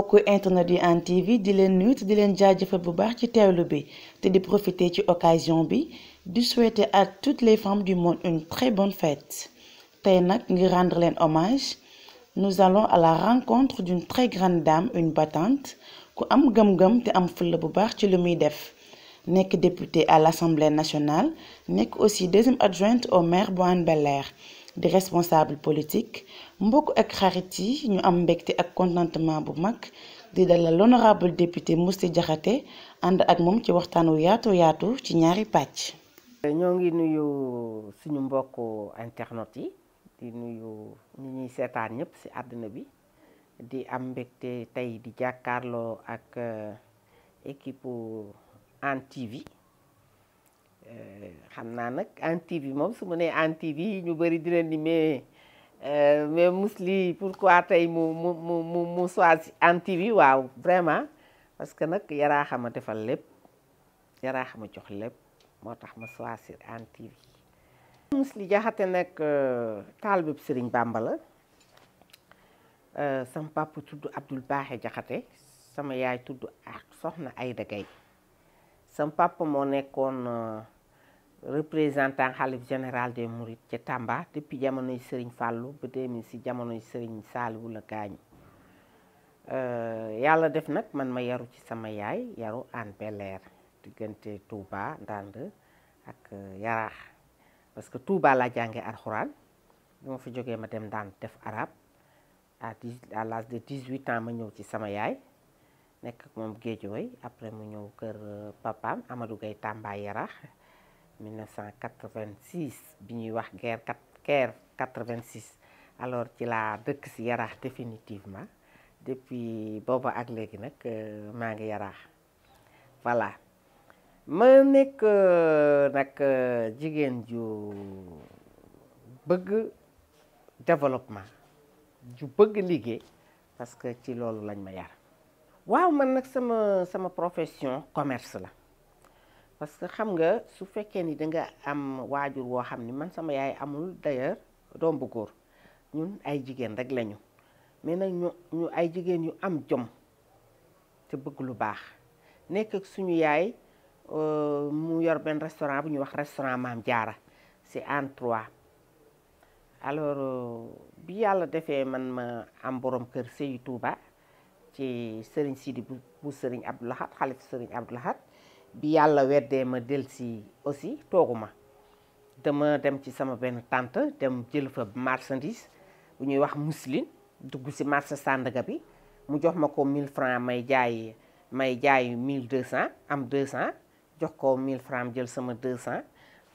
mbokku internet yi la TV di leen nuyu de di de jaajëfal bu baax ci teewlu bi te di profiter ci occasion bi di souhaiter à toutes les femmes du monde une très bonne fête tey nag ngir rendre hommage nous allons à la rencontre d'une très grande dame une battante qui am gëm te am fulla bu baax ci def députée à l'Assemblée nationale nekk aussi deuxième adjointe au maire bu belair des responsables politiques, responsable politique mbokk ak xarit yi ñu am mbegte ak contentement bu mag di dalal l'honorable député Mousty Diakhaté ànd ak moom ci waxtaan wu yaatu yaatu ci ñaari pàcc. ñoo ngi nuyu suñu mbokk internet yi di nuyu ñu ñuy seetaan ñëpp ci àdduna bi di am mbegte tey di jàkkaarloo ak euh, équipe Hann TV. Euh, xam naa nag Hann TV moom su ma nee Hann TV ñu bëri dina ni mais Euh, mais Mously pourquoi tey mu mu mu mu mu choisi TV waaw vraiment parce que nag yaraa xama defal lépp yaraa xama jox lépp moo tax ma choisir Hann TV Mously Jaxate nag euh, taalibe Sëriñ Bàmba la euh, sama papa tudd Abdul Baaxe Jaxate sama yaay tudd ak soxna ay Gay sama moo nekkoon représentant khalif général des Mourides ci Tamba depuis jamono Serigne Fallou ba demi ci jamono Serigne Saliou la euh yalla def nak man ma yaru ci sama yaay yaru Hann belair digenté Touba dand ak euh, Yaraax parce que Touba la jangé alcorane bima fi joggé ma dem dand def Arab, à à l'âge de 18 ans ma ñew ci sama yaay nek ak moom Guédiawaye après mu ñew keur papa Amadou gay Tamba yarah 1986 bi ñuy wax guerre 86 alors ci laa dëkk si ma, définitivement depuis booba ak léegi nag maa ngi yaraax voilà ma nekk nag jigéen ju bëgg développement ju bëgg liggéey parce que ci loolu lañ ma yar waaw man sama sama profession commerce la parce que xam nga su fekkee ni da nga am waajur woo xam ni man sama yaay amul d'ailleurs doom bu góor ñun ay jigéen rek lañu mais nag ñu ñu ay jigéen yu am jom te bëgg lu baax nekk ak suñu yaay euh, mu yor benn restaurant bu ñu wax restaurant Maam Jaara c'est en trois alors euh, bi yàlla defee man ma am borom kër Seyou Touba ci Serigne Sidi bu Serigne Abdoulahat xalif Serigne Abdoulahat bi yàlla weddee ma si aussi tooguma dama dem ci sama benn tànt dem jël fa marchandise bu ñuy wax mousseline dugg si marché Sandaga bi mu jox ma ko mille francs may jaay may jaay 1200 am 200 jox ko 1000 francs jël sama 200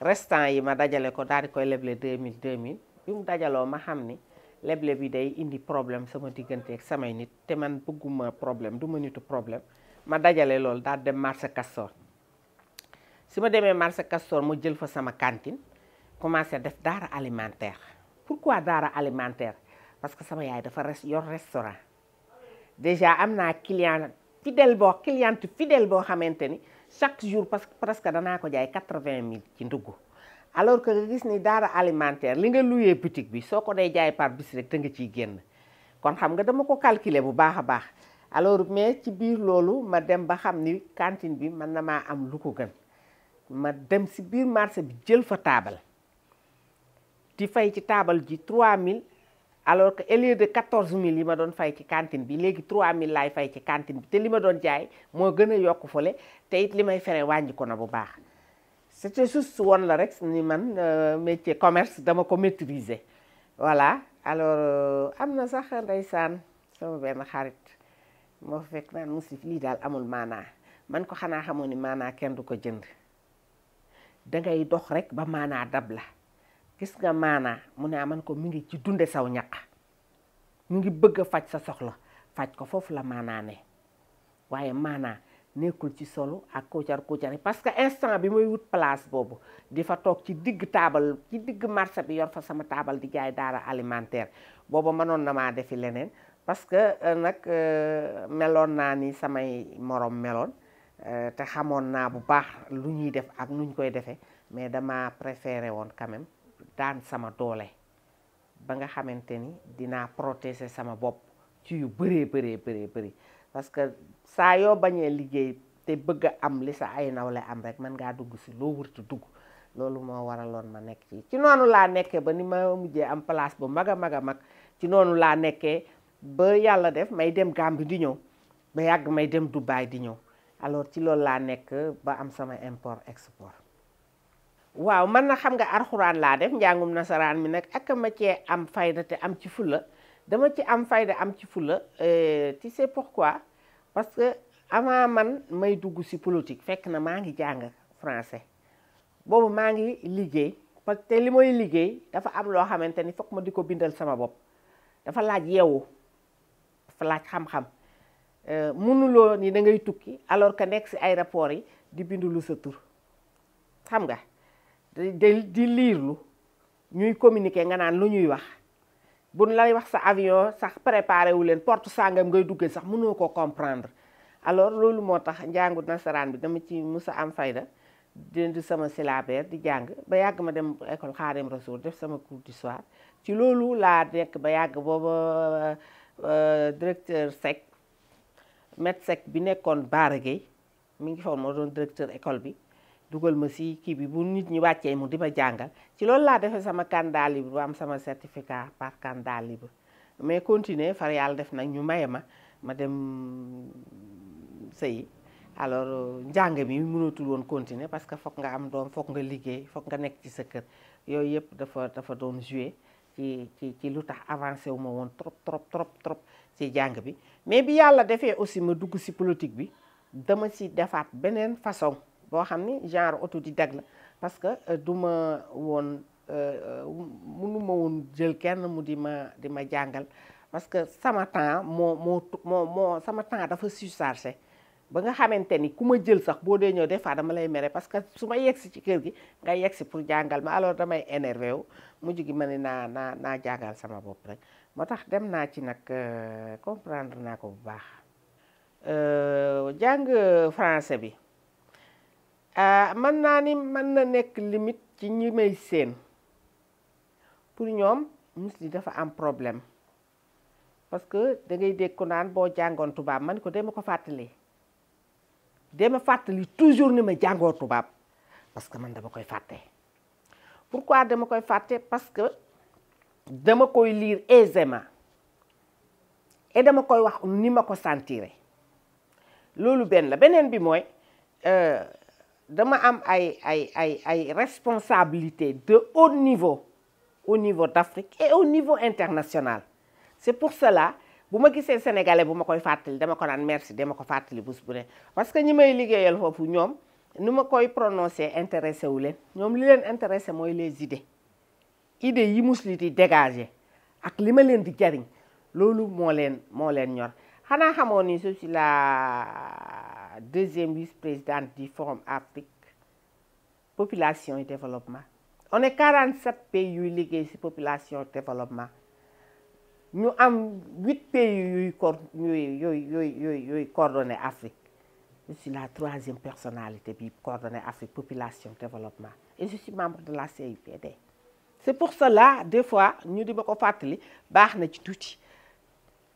restant yi ma dajale ko daal di koy leble 2000 2000 bi mu dajaloo ma xam ni leble bi day indi problème sama diggante ak samay nit te man bëgguma problème du ma nitu problème ma dajale loolu daal dem marché Castor suma démé marché Castor mu jël fa sama cantine commencé def dara alimentaire pourquoi dara alimentaire parce que sama yaay dafa res yor restaurant déjà amna client fidèle bo client fidèle bo xamanteni ni chaque jour parce que presque dana ko jaay 80000 ci ndugu alors que gis ni dara alimentaire li nga luyee boutique bi soko ko dee jaay par bis rek te nga ci guen kon xam nga dama ko calculer bu baax baax alors mais ci bir lolu ma dem ba xam ni cantine bi man na ma am lu ko gën ma dem si biir marché bi jël fa taabal di fay ci taabal ji 3000 alors que au lieu de 14000 yi ma doon fay ci cantine bi léegi 3000 laay fay ci cantine bi te li ma doon jaay moo gën a yokk fële te it li may fere wàññi na bu baax c'était juste woon la rek ni man euh, métier commerce dama ko maîtriser voilà alors euh, am na sax ndeysaan sama benn xarit moo fekk naan musif lii daal amul maanaa man ko xanaa xamoo ni maanaa kenn du ko jënd ngay dox rek ba mana dab la gis nga mana mu ne aman ko mi ngi ci dundé saw ñaq mi ngi bëgg fajj sa soxla fajj ko fofu la ne waaye mana? nekkul ci solo ak ko kuucari parce que instant bi moy wut place bobu di fa tok ci digg table ci digg marché bi yor fa sama table di jaay dara alimentaire bobu manon na ma defi lenen parce que euh, nak euh, melon na ni samay morom melon Eh, te xamone na bu baax lu ñuy def ak nuñ koy defé mais dama préféré won quand même daan sama doole ba nga xamanteni dina protéger sama bop ci yu béré béré béré béré parce que sa yo bañé liggéey te bëgg am li sa ay nawlé am rek man nga dugg ci lo wurtu dugg loolu mo waralon ma nek ci ci nonu la nekkee ba ni ma mujjé am place bu maga maga mag ci nonu la nekkee ba yalla def may dem Gambie di ñew ba yag may dem dubai di ñew alors ci loolu laa nekk ba am sama import export waaw man na xam nga arxuraan laa def njàngum nasaraan mi nag ak ma am fayda te am ci fula dama ci am fayda am ci fula euh, tu sais pourquoi parce que avant man may dugg si politique fekk na maa ngi jàng français boobu maa ngi liggéey parce que li may liggéey dafa am loo xamante ni foog ma di ko bindal sama bopp dafa laaj yeewu dafa laaj xam-xam Euh, Munulo ni da ngay tukki alors que nekk si aéroport yi di bindu lu sa tour xam nga di lu ñuy communiquer nga nan lu ñuy wax buñ lay wax sa avion sax préparé wu len porte sangam ngay duggé sax mënoo ko comprendre alors lolu motax jangu nasaran bi dama ci musa am fayda dëndu sama syllabaire di jang ba yag ma dem école kharim rasoul def sama cours du soir ci lolu la nekk ba bobu euh directeur sec MEDSEC bi nekkoon Baara Gueye mi ngi foon moo doon directeur école bi dugal ma si kii bi bu nit ñi wàccee mu di ma jàngal ci loolu laa defee sama candidat libre bu am sama certificat par candidat libre mais continuer far yàlla def nag ñu maye ma ma dem sëyi alors njàng bi munatul woon continuer parce que foog nga am doon foog nga liggéey foog nga nekk ci sa kër yooyu yëpp dafa dafa doon jouer ci ci ci lu tax avancé wu ma woon trop trop trop trop ci jàng bi mais bi yàlla defee aussi ma dugg ci politique bi dama ci defaat beneen façon boo xam ni genre autodidacte la parce que euh, du ma woon euh, munu ma woon jël kenn mu di ma di ma jàngal parce que sama temps moo moo moo moo sama temps dafa surchargé ba nga xamanteni kuma jël sax bo de ñëw defa dama lay méré parce que suma ma ci kër gi nga yegsi pour jangal ma alors damay énervé wu mujj gi mané na na na jangal sama bop rek motax dem na ci nak euh, comprendre na ko bu baax euh, jang français bi ah, man na ni man na nek limite ci ñi may seen pour ñoom musli dafa am problème parce que da ngay dékk ko naan bo jangon tuba man ko dem ko fatali dama fatali toujours ni ma jàngoo tubaab parce que man dama koy faté. pourquoi dama koy faté? parce que dama koy lire aisément et dama koy wax ni ma ko sentire loolu benn la benen bi mooy euh, dama am ay ay ay ay responsabilité de haut niveau au niveau d'Afrique et au niveau international c'est pour cela bu ma gisee sénégalais bu ma koy fàttali dama ko naan merci dama ko fàttali bés bu ne parce que ñi may liggéeyal foofu ñoom nu ma koy prononcé intéressé wu leen ñoom li leen intéressé mooy les idées idées yi musli di dégagé ak li ma leen di jariñ loolu moo leen moo leen ñor xanaa xamoon ni je suis la deuxième vice-présidente du forum Afrique population et développement on est 47 pays yuy liggéey si population développement Nous avons huit pays qui coordonnent l'Afrique. Afrique je suis la troisième personnalité bi coordonne Afrique population développement et je suis membre de la CIPD c'est pour cela des fois nous disons que nous fàttali baax ci tuuti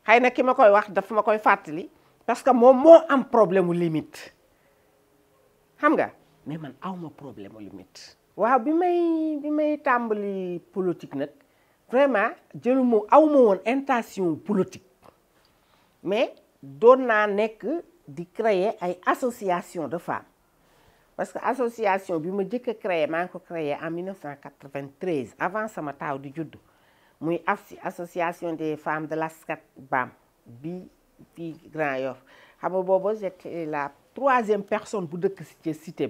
xëy na koy wax parce que Nous j'ai un problème limite xam nga mais man problème limite waaw bi may bi may politique vraiment n'ai pas une intention politique mais doon naa nekk di créer une association de femmes parce que l'association je me dis que créer maa en 1993 avant sama taaw di judd muy association des femmes de l'ASCAT BAM bi BI, Grand Yoff xam j'étais la troisième personne que j'ai citée.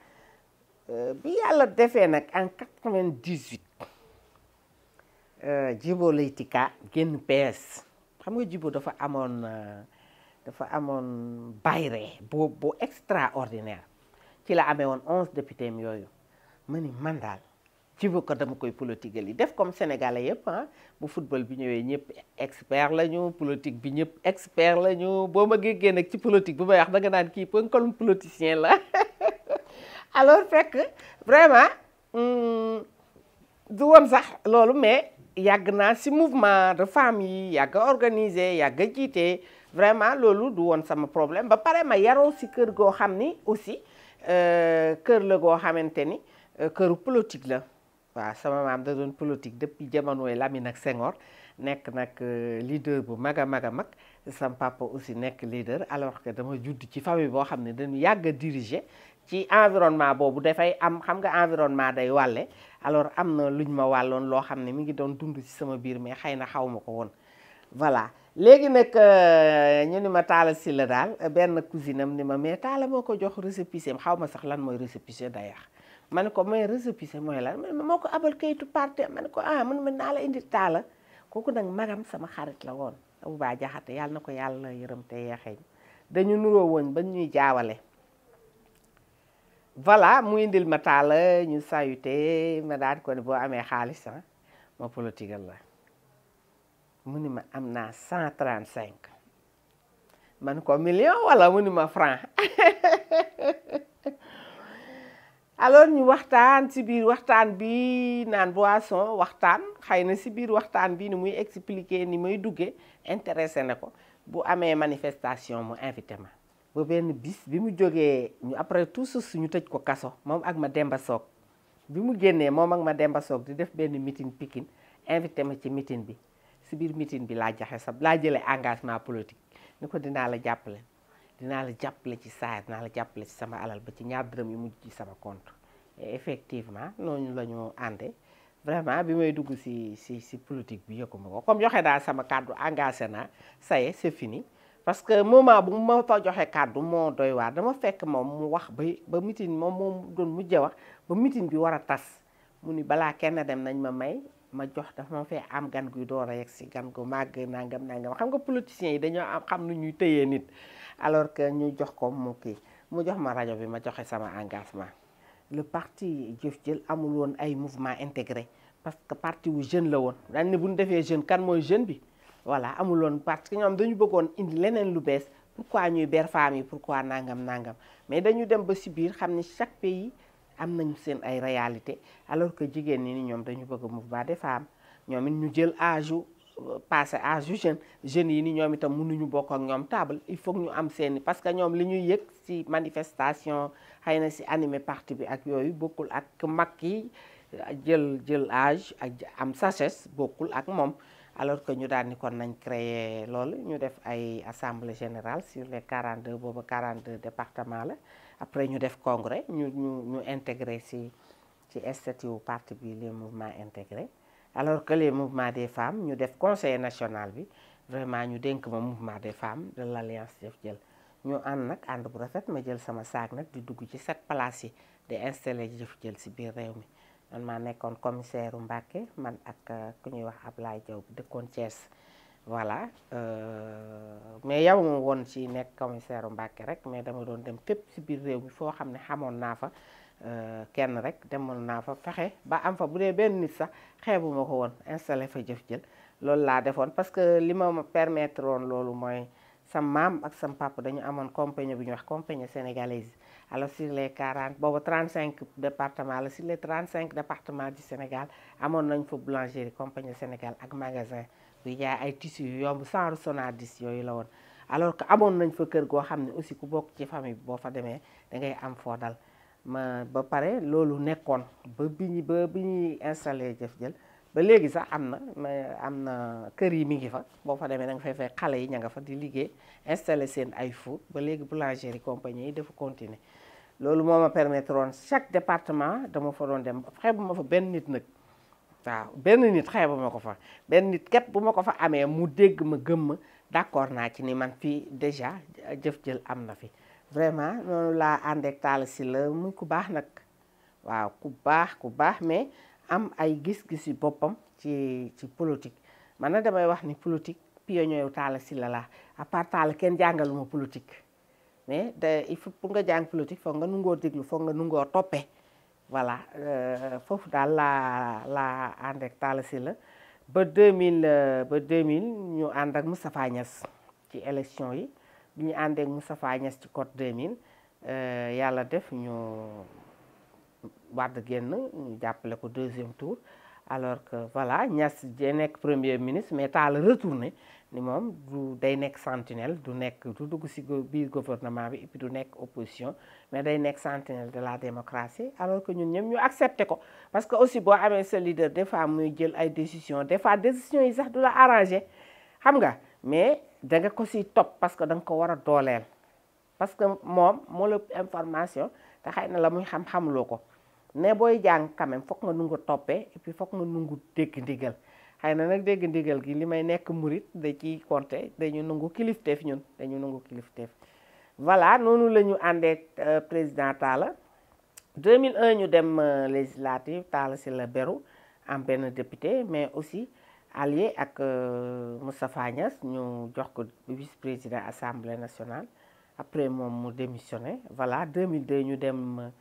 Euh, bi yàlla defee nag en quatre-vingt-dix-huit euh, Djibo Leyti Ka génn PS xam nga Djibo dafa amoon euh, dafa amoon bayre bu bu extraordinaire ci la amee woon onze députés yooyu ma ni man daal Djibo ko dama koy politique li def comme sénégalais yëpp ah bu football bi ñëwee ñëpp expert lañu politique bi ñëpp expert lañu boo ma géggee nag ci politique bu may wax da nga kii pënkalum politicien la alors que vraiment hum, du woon mais mouvement de famille, il y a organisé y a y vraiment loolu du ça sama problème ba ma y a aussi que le aussi que le ni euh, politique là, bah sama politique depuis ak là, Nek euh, leader bu a mag sama papa aussi nek leader alors que dama famille qui a diriger ci environnement boobu dafay am xam nga environnement day wàlle alors am na luñ ma wàlloon loo xam ne mi ngi doon dund ci sama biir mais xëy na xaw ma ko woon voilà léegi nag euh, ñu ni ma taala si la daal benn cousine ni ma mais taala moo ko jox récépissé xaw ma sax lan mooy récépissé dayax ma ne ko mooy récépissé mooy lan ma moo ko abal kayitu parte ma ne ko ah man mën naa la indi taala kooku nag magam sama xarit la woon Abouba Jaxate yàlla na ko yàlla yërëm te yeexeñ dañu nuroo woon ñuy jaawale voilà mu indil ma taala ñu sayute ma daal ko ne boo amee xaalis ah, ma politigal la mu ni ma am naa cent man ko million walla mu ni ma franc alors ñu waxtaan si biir waxtaan bi naan boisson waxtaan xëy na si biir waxtaan bi ni muy expliquer ni muy duggee intéressé na ko bu amee manifestation mu invité ma ba benn bis bi mu jógee ñu après tout suuf ñu tëj ko kaso moom ak ma Demba Soog bi mu génnee moom ak ma Demba Soog di def benn meeting Pikine invité ma ci meeting bi si biir meeting bi laa jaxe sa laa jëlee engagement politique ni ko dinaa la jàppale dinaa la jàppale ci saa dinaa la jàppale ci sama alal ba ci ñaar dërëm yu mujj ci sama contre et effectivement noonu la ñu àndee vraiment bi may dugg si si si politique bi yëkkuma ko comme joxe daal sama kàddu engagé naa ça y parce que moment bu ma fa joxe cadeau mo doy war dama fekk mom mu wax ba ba mitin mom mom doon mujje wax ba mitin bi wara tass muni bala kenn dem nañ ma may ma jox daf ma fe am gan guy do a yegg gan gu màgg nangam nangam xam nga politiciens yi am xam nu ñuy teyé nit alors que ñu jox ko mu ki mu jox ma radio bi ma joxe sama engagement le parti jeuf jeul amul won ay mouvement intégré parce que parti wu jeune la won dañ ni buñ défé jeune kan moy jeune bi voilà amul parce que nous dañu bëggoon indi leneen lu bees pourquoi ñuy ber femmes pourquoi nous nangam mais dañu dem ba ci bir xamni chaque pays am nañu réalité alors que nous avons dañu bëgg des femmes ñom ñu jël âge passé âge jeune. jeune yi ni ñom itam ñu bokk ak table il faut ñu am parce que nous li ñuy yëg ci manifestation hayna ci animé parti bi ak yoyu bokul ak makki jël jël âge ak am sagesse bokul ak alors que ñu daal ni kon nañ créer lool ñu def ay assemblée générale sur les 42 booba 42 départements la après ñu def congrès ñu ñu ñu intégré ci ci statut wu parti bi les mouvements intégrés alors que les mouvements des femme ñu def conseil national bi vraiment ñu dénk ma mouvement des femme de l'alliance Jëf Jël ñu ànd nag ànd bu rafet ma jël sama saag nag di dugg ci sept places yi di installé Jëf Jël si biir réew mi man maa nekkoon commissaire u Mbàkke man ak euh, ku ñuy wax Ablaye Diaw bu dëkkoon Thiès voilà euh, mais yow woon ci nekk commissaire u Mbàkke rek mais dama doon dem fépp si biir réew mi foo xam ne xamoon naa fa euh, kenn rek demoon naa fa fexe ba am fa bu dee benn nit sax xeebuma ko woon installé fa jëf jël loolu laa defoon parce que li ma permettre woon loolu mooy sam maam ak sam papa dañu amoon compagnie bu ñuy wax compagnie sénégalaise alors sur les quarante booba trente cinq départements alors sur les cinq départements du Sénégal amoon nañ fa boulangerie compagnie Sénégal ak magasin buy jaay ay tissus yu yomb saaru Sonadis yooyu la woon alors que amoon nañ fa kër goo xam ne aussi ku bokk ci famille boo fa demee da ngay am foo dal ma ba pare loolu nekkoon ba bi ba bi ñuy installé Jëf Jël ba léegi sax am na am na kër yi mi ngi fa boo fa demee da nga fay fay xale yi ña nga fa di liggéey installé seen ay four ba léegi boulangerie compagnie yi dafa continuer loolu moo ma permettre woon chaque département dama fa doon dem xeebu ma fa benn nit nag waaw benn nit xeebu ma ko fa benn nit képp bu ma ko fa amee mu dégg ma gëm ma d'accord naa ci ni man fii déjà jëf jël am na fi vraiment noonu laa àndeek si la mu ku baax nag waaw ku baax ku baax mais am ay gis-gis ci bopam ci ci politique man na damay wax ni politique pionnier wu Talla Sylla laa à part Talla ken jangaluma politique mais da il faut pour nga jang politique fo nga nungoo deglu fo nga nungoo topé voilà euh, foofu daal laa la ànd ak Talla Sylla ba 2000 euh, ba 2000 ñu ànd ak Moustapha Niass ci élection yi bi ñu àndee ak Moustapha Niass ci code 2000 euh yalla def ñu Il génn appelé au deuxième tour alors que voilà Niass day premier ministre mais est retourné Il moom du day sentinelle du du gouvernement et puis du opposition mais day un sentinelle de la démocratie alors que nous, nous ñu accepté parce que aussi boo un seul leader des fois muy jël des décisions, des fois décisions yi sax la arrangé mais da nga ko top parce que da nga ko war parce que moi, moo la information te na la muy xam ne booy jàng quand même foog nga nungu toppee et puis foog nga nungu dégg ndigal xëy na nag dégg ndigal gi li may nekk murit da ciy compter dañu nungu kilifteef ñun dañu nungu kilifteef voilà noonu lañu ñu àndee euh, président Talla 2001 ñu dem euh, législative Talla si la beru am benn député mais aussi allié ak euh, Moustapha Niass ñu jox ko vice-président assemblée nationale après moom mu démissionné voilà 2002 ñu dem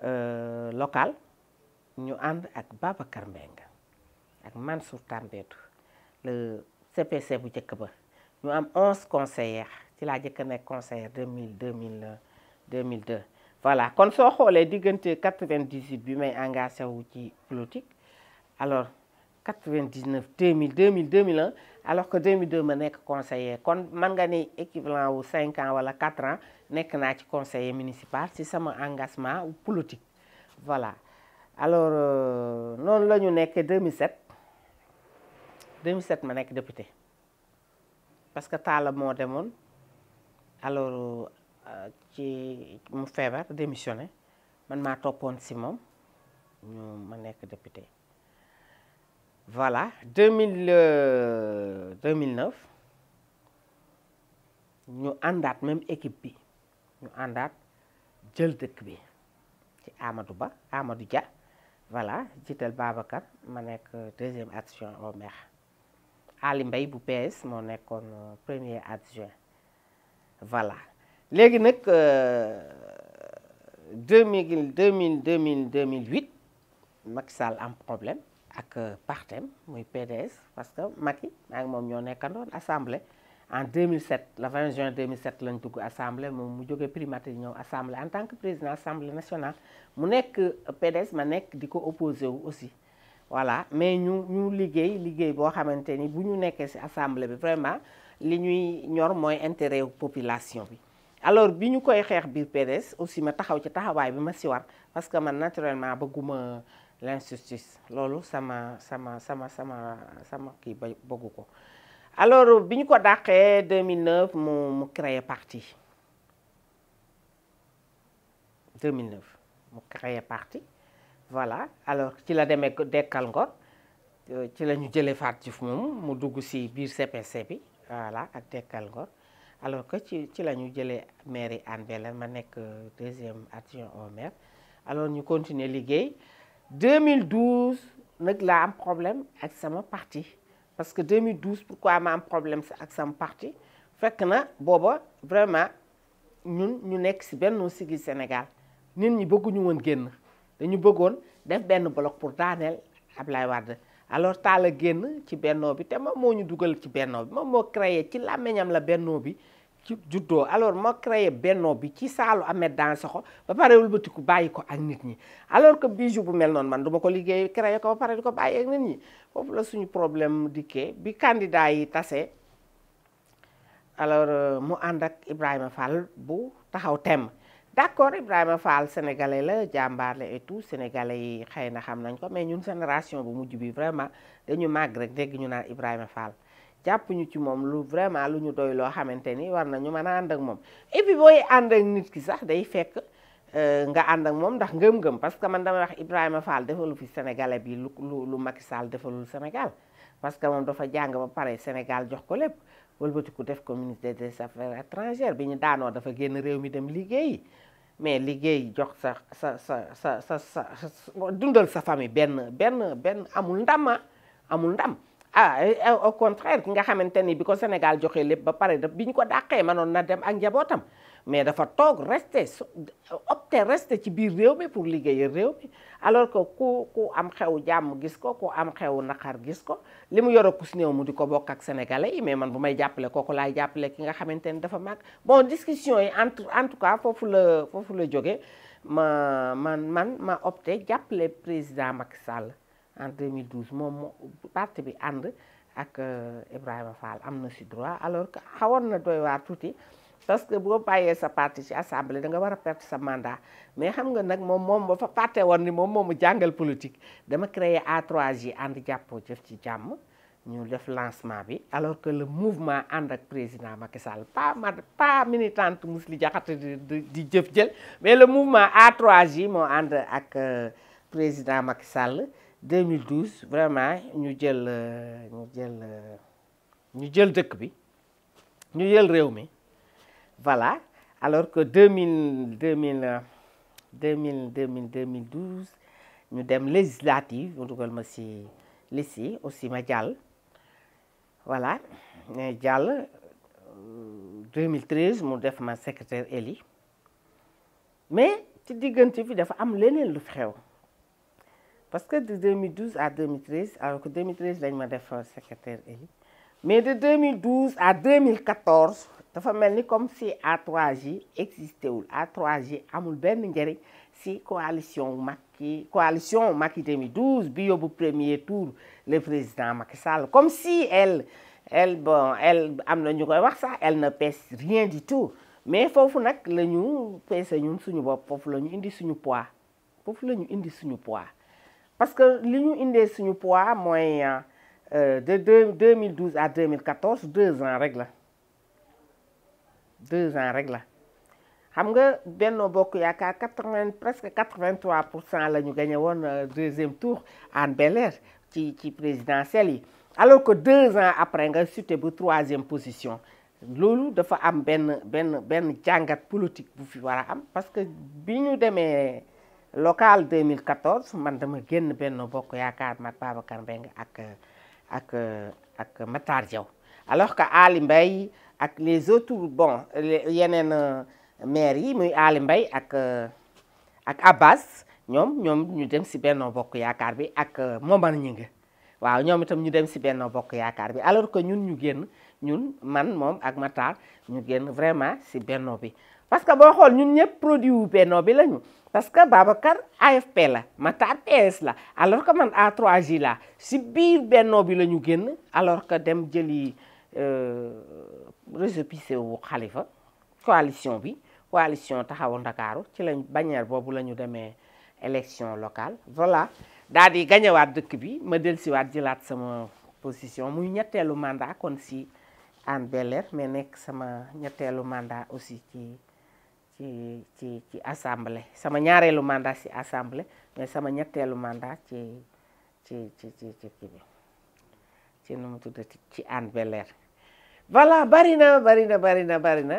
Euh, local nous and ak Babacar Mbeng ak Mansour Tambetou le CPC bu jëk ba ñu am 11 conseillers ci la jëk nek 2000 2000 2002 voilà kon so xolé digënté 98 bi may engagé wu ci politique alors 99 2000 2000 2001 alors que 2002 ma nek conseiller kon man nga ni équivalent wu 5 ans wala 4 ans nek suis ci conseiller municipal ci sama engagement politique voilà alors nous sommes en 2007 2007 ma suis député parce que Talla le monde alors euh, ci mu démissionné man suis en ci mom ñu ma député voilà 2000 2009 euh, ñu date même équipe ñu àndaat jël dëkk bi ci Amadou Ba Amadou Dia voilà jiital Babacar ma nekk deuxième adjoint au maire Ali mbay bu PS moo nekkoon euh, premier adjoint voilà léegi nag euh, deux mille deux mille deux mille deux mille huit Macky am problème ak euh, partem muy PDS parce que Macky maa ngi moom ñoo nekkandoon assemblée en 2007 le 20 juin 2007 lañ l'assemblée, assemblée moom mu le primature de assemblée en tant que président l'Assemblée nationale mu suis PDS ma aussi voilà mais nous, ñu bu ñu nous, ci assemblée vraiment li ñuy ñor mooy intérêt population alors si nous koy eu biir PDS aussi ma taxaw ci ma parce que naturellement bëgguma l'injustice sama sama alors bi ko 2009 mu mu créé parti 2009 mu créé parti voilà alors ci la demee dekkal ngor euh, ci la ñu jëlee Fatou Diouf mu dugg si biir CPC bi voilà ak dekkal alors que ci tu l'as ñu jëlee mairie Anne Belen, air euh, deuxième adjoint au maire alors ñu continuer gays. 2012 nous eu am problème ak sama parti parce que 2012 pourquoi ma am problème ak sam parti fekk na booba vraiment ñun ñu nekk si Benno Siggil Sénégal nit ñi bëgguñu woon génn dañu bëggoon def benn bloc pour daaneel Ablaye Wade alors Talla génn ci bennoo bi te moom moo ñu dugal ci bennoo bi moom moo créé ci làmmiñam la bennoo bi ci juddoo alors moo créé bennoo bi ci saalu Ahmed Dansokho ba pare wëlbatiku bàyyi ko ak nit ñi alors que bijou bu mel noonu man du ma ko liggéey créé ko ba pare di ko bàyyi ak nit ñi foofu la suñu problème dikkee bi candidat yi tase alors euh, mu ànd ak Ibrahima Fall bu taxaw temm d'accord Ibrahima Fall sénégalais la jàmbaar la et tout sénégalais yi xëy na xam nañ ko mais ñun génération bu mujj bi vraiment dañu màgg rek dégg ñu naan Ibrahima Fall jàpp ñu ci moom lu vraiment lu ñu doy loo xamante ni war na ñu mën a ànd ak moom et puis booy ànd ak nit ki sax day fekk euh, nga ànd ak moom ndax ngëm-ngëm parce que man damay wax Ibrahima Fall defalu fi Sénégalais bi lu lu lu Macky Sall defalul Sénégal parce que moom dafa jàng ba pare Sénégal jox ko lépp wëlbatiku def communité de des affaires bi ñu daanoo dafa génn réew mi dem liggéeyi mais liggéey jox sa sa sa sa sa sa dundal sa famille benn benn benn amul ndam ah, amul ndam ah eh, eh, au contraire ki nga xamante ni bi ko Sénégal joxe lépp ba pare bi ñu ko dàqee mënoon na dem ak njabootam mais dafa toog resté opté resté ci biir réew mi pour liggéeya réew mi alors que ku ku am xew jàmm gis ko ku am xew naqar gis ko li mu yoro kus néew mu di ko bokk ak sénégalais yi mais man bu may jàppale kooku laay jàppale ki nga xamante ni dafa mag bon discussion yi entre en tout cas foofu la foofu la jóge ma man man ma opté jàppale président Macky Sall en 2012 moom parti bi and ak euh, Ibrahima Fall amna ci droit alors que xawoon na doy waar touti parce que bo bàyyee sa parti ci assemblée da nga wara perdre sa mandat mais xam nga nak mom mom ba fa fàtte won ni mom momu jangal politique dama créer A3J and jàppoo jëf ci jamm ñu def lancement bi alors que le mouvement and ak président Macky Sall pas pas militante musli Diakhaté di di jëf jël mais le mouvement A3J mo and ak euh, président Macky Sall 2012 vraiment ñu jël euh, ñu jël euh, ñu jël dëkk bi voilà alors que 2000 2000 2000 2012 nous dem législative mu dugal ma si aussi ma djal. voilà djal, 2013 euh, mu def ma secrétaire élu mais ci dis bi dafa am leneen lu de xew parce que de 2012 à 2013 alors que 2013 lañ ma un secrétaire élu mais de 2012 à 2014 dafa mel comme si a 3 g existait a 3 g c'est la si coalition Macky coalition Macky 2012 bi au premier tour le président Macky Sall comme si elle elle bon elle elle ne pèse rien du tout mais il faut que nous pèsions ñun suñu pour un la indi poids Pour la indi poids. parce que li ñu indee suñu poids mooy euh, de deux 2012 à 2014 deux ans rek la deux ans rek la xam nga Benno Bokk Yaakaar quatre-vingt presque quatre-vingt-trois pour cent la ñu gagné woon euh, deuxième tour Hann Bel-Air ci ci présidentielle yi alors que deux ans après nga chuté bu troisième position loolu dafa am benn benn benn jàngat politique bu fi war am parce que bi ñu demee. local 2014 man dama génn Benno Bokk Yaakaar mag Babacar Mbengue ak ak ak Matar Diaw alors que Ali Mbaye ak les autres bon yeneen euh, maires yi muy Ali Mbaye ak euh, ak Abbas ñoom ñoom ñu dem si Benno Bokk Yaakaar bi ak euh, Momar Gningue waaw ñoom itam ñu dem si Benno Bokk Yaakaar bi alors que ñun ñu génn ñun man moom ak Matar ñu génn vraiment si Benno bi parce que boo xool ñun ñëpp produit wu Benno bi lañu parce que Babacar AFP la Matar PS la alors que man A3J la si biir bennoo bi la ñu génn alors que dem jëli euh, récépissé wu Khalifa coalition bi coalition taxawu Ndakaaru ci lañ bannière boobu la ñu demee élection locale vola daal di gañewaat dëkk bi ma dellusiwaat jëlaat sama position muy ñetteelu mandat kon si Hann Bel-Air nekk sama ñetteelu mandat aussi ci ci ci ci assemblée sama ñaareelu mandat ci assemblée mais sama ñetteelu mandat ci ci ci ci ci kii bi ci nu mu tuddati ci Hann Bel-Air voilà bari na na